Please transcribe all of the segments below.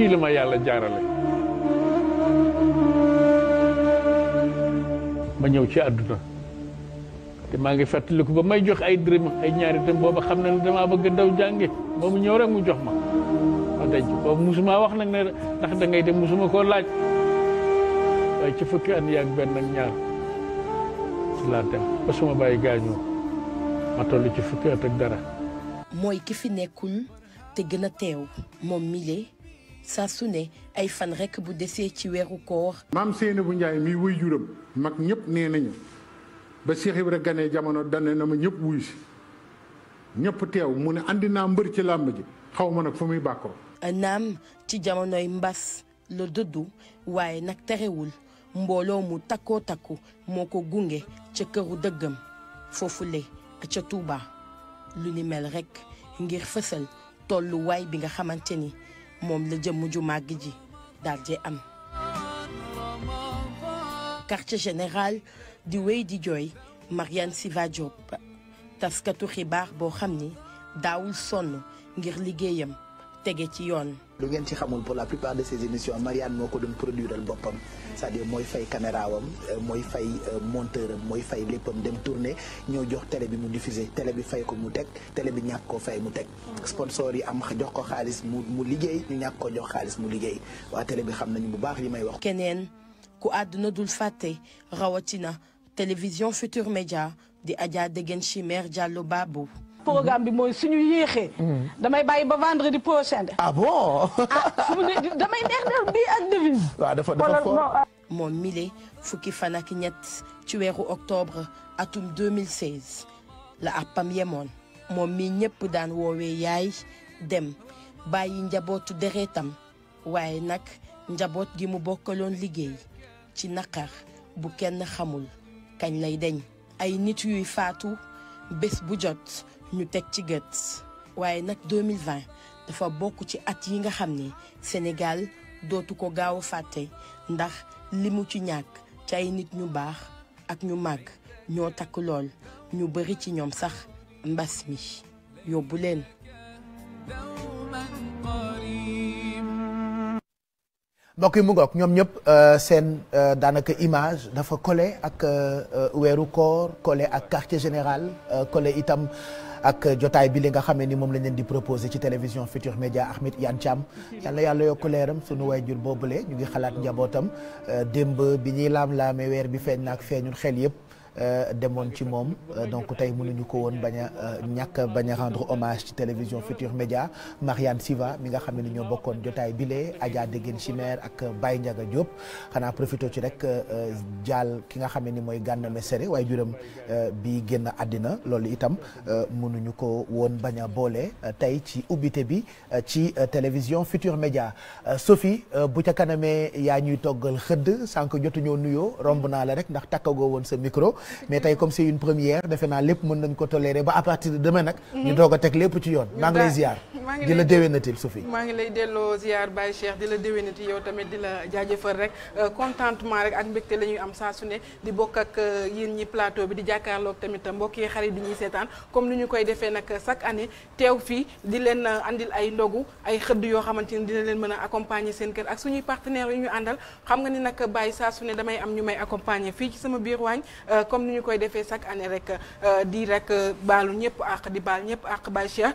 fii la ma yàlla jaarale ma ñëw ci àdduna te maa ngi fàttaliku ba may jox ay dërëm ay ñaari dërëm booba xam na ne damaa bëgg daw jànge moomu ñëw rek mu jox ma ma denc boobu musuma wax nag ne ndax da ngay dem musuma koo laaj waaye ci fukki at yaag benn ak ñaar ci laa dem ba suma bàyyi gaañu ma toll ci fukki at dara mooy ki fi nekkul te gën a teew moom mile sa su ne ay fan rekk bu desee ci weeru koor. maam bu Ndiaye mi wuy juram mag ñëpp nee nañu ba Cheikh Ibra ganee jamono dane na ma ñëpp wuyu si teew mu ne andi naa mbër ci làmb ji xaw ma nag fu muy bàkkoo. naam ci jamonoy mbas la dëddu waaye nag terewul mbooloo mu takkoo takku moo ko gunge ca këru dëggam foofule ca Touba lu ni mel rek ngir fësal tolluwaay bi nga xamante ni. moom la jëmm ju màgg ji daal di am quartier général di wéy di jooy Mariane Siva Diop taskatu xibaar boo xam ni daawul sonn ngir liggéeyam tege ci yoon lu ngeen ci xamul pour la plupart de ces émissions Marianne moo ko doon produire boppam c'est-à-dire mooy fay caméra euh, mooy fay euh, monteur am mooy fay léppam dem tourner ñoo jox tele bi mu diffuser télé bi fay ko mu teg télé bi ñàkk koo fay mu teg sponsor yi am jox ko xaalis mu mu liggéey ñu ñàkk koo jox xaalis mu liggéey waa télé bi xam nañu bu baax li may wax keneen ku àdduna dul fàtte rawatina télévision Futur Média di Adja Degen Chimère Diallo Babou programme bi mooy suñu yéexee. Mm-hmm. damay bàyyi ba vendredi prochain de. ah bon. ah fu mu ah. fukki fan ak ñett ci weeru octobre atum 2016 la àppam yemoon moom mi ñëpp daan woowee yaay dem bàyyi njabootu deretam waaye nag njaboot gi mu bokkaloon liggéey ci naqar bu kenn xamul kañ lay deñ ay nit yuy faatu. bés bu jot ñu teg ci gët waaye nag 2020 dafa bokk ci at yi nga xam ni Sénégal dootu ko gaaw a fàtte ndax li mu ci ñàkk ci nit ñu baax ak ñu màgg ñoo takk lool ñu bari ci ñoom sax mbas mi yóbbu leen mbokk yi mu ngoog ñoom ñëpp euh, seen euh, daanaka image dafa collé ak euh, weeru koor collé ak quartier général collé itam ak jotaay bi li nga xamee ni moom lañ leen di proposé ci télévision Futur Média Ahmed Yan Thiam yàlla yàlla yokk leeram sunu waajur boobule ñu ngi xalaat njabootam démb bi ñuy laam-laame weer bi feeñ na ak feeñul xel yëpp Euh, demoon ci moom euh, donc tey mënuñu ko woon bañ a euh, ñàkk bañ a rendre hommage ci télévision Futur Média Marianne Siva mi nga xam ne ñoo bokkoon jotaay bile Adja Degen Chimère ak Baye Ndiaga Diop xanaa profité ci rek jaal ki nga xam ne ni mooy Gana Messere waaye juróom bi génn àddina loolu itam mënuñu ko woon bañ a boole tey ci ubbite bi ci télévision Futur Média Sophie bu ca kanamee yaa ñuy toggal xëdd sànq jotuñoo nuyoo romb naa la rek ndax takkagoo woon sa micro. mais tey comme c'est une première defe naa lépp mën nañ ko tolérer ba à partir de demain nag. Mhm. ñu doog a teg lépp ci yoon. maa ngi lay ziar di la déwénatil Sophie. maa ngi lay delloo ziar Baye Cheikh di la déwénati yow tamit di la jaajëfal rek euh, contentement rek ak mbégte la ñuy am saa su ne di bokk ak euh, yéen ñi plateau bi di jàkkaarloog tamit mbokk yi xarit bi ñu seetaan comme ni ñu koy defee nag chaque année teew fii di leen euh, andil ay ndogu ay xëdd yoo xamante ni dina leen mën a accompagner seen kër ak suñuy partenaires yu ñu àndal xam nga ni nag Baye saa su ne damay am ñu may accompagner fii ci sama biir waañ comme ni ñu koy defee chaque année rek euh, di rek euh, baalu ñëpp àq di baal ñëpp àq bàyyi Cheikh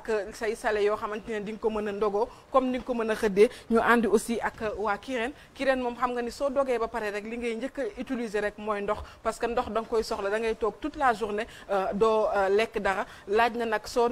ak say salé yoo xamante ne di ko mën a ndogoo comme ni nga ko mën xëddee ñu àndi aussi ak euh, waa kireen kireen moom xam nga ni soo dogee ba pare rek li ngay njëkk a utiliser rek mooy ndox parce que ndox da nga koy soxla da ngay toog toute la journée euh, doo euh, lekk dara laaj na nag soo